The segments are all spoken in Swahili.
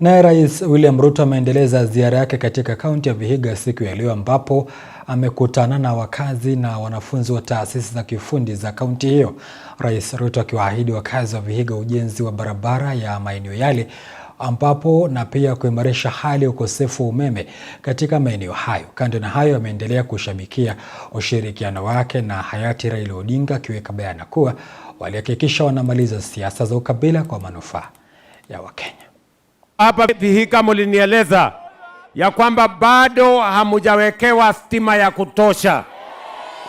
Naye Rais William Ruto ameendeleza ziara yake katika kaunti ya Vihiga siku ya leo ambapo amekutana na wakazi na wanafunzi wa taasisi za kiufundi za kaunti hiyo. Rais Ruto akiwaahidi wakazi wa Vihiga ujenzi wa barabara ya maeneo yale ambapo na pia kuimarisha hali ya ukosefu wa umeme katika maeneo hayo. Kando na hayo, ameendelea kushabikia ushirikiano wake na hayati Raila Odinga, akiweka bayana kuwa walihakikisha wanamaliza siasa za ukabila kwa manufaa ya Wakenya. Hapa Dhihika mulinieleza ya kwamba bado hamujawekewa stima ya kutosha,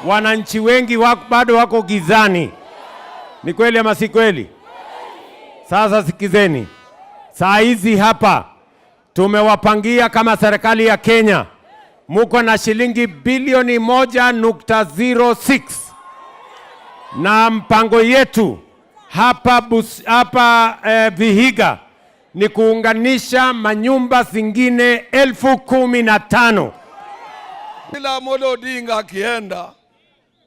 wananchi wengi wako, bado wako gizani. Ni kweli ama si kweli? Sasa sikizeni, saa hizi hapa tumewapangia kama serikali ya Kenya, muko na shilingi bilioni 106 na mpango yetu hapa, bus, hapa eh, Vihiga ni kuunganisha manyumba zingine elfu kumi na tano. Kila Amolo Odinga akienda,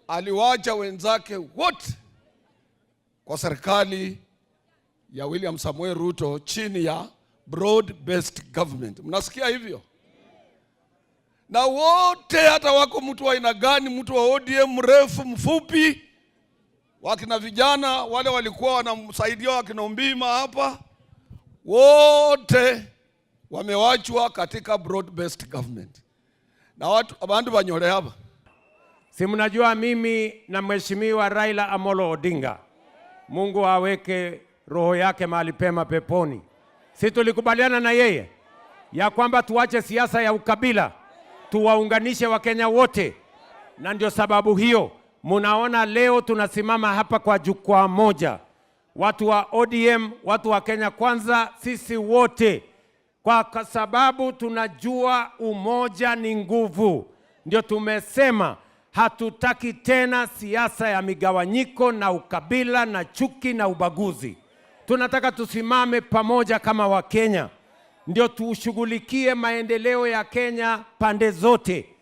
aliwacha wenzake wote kwa serikali ya William Samuel Ruto chini ya broad based government. Mnasikia hivyo? Na wote hata wako mtu wa aina gani, mtu wa ODM mrefu mfupi, wakina vijana wale walikuwa wanamsaidia wakina Mbima hapa wote wamewachwa katika broad based government na watu bandu banyole hapa. Si mnajua mimi na mheshimiwa Raila Amolo Odinga, Mungu aweke roho yake mahali pema peponi. Si tulikubaliana na yeye ya kwamba tuache siasa ya ukabila, tuwaunganishe Wakenya wote, na ndio sababu hiyo munaona leo tunasimama hapa kwa jukwaa moja watu wa ODM, watu wa Kenya Kwanza, sisi wote, kwa sababu tunajua umoja ni nguvu. Ndio tumesema hatutaki tena siasa ya migawanyiko na ukabila na chuki na ubaguzi. Tunataka tusimame pamoja kama Wakenya, ndio tushughulikie maendeleo ya Kenya pande zote.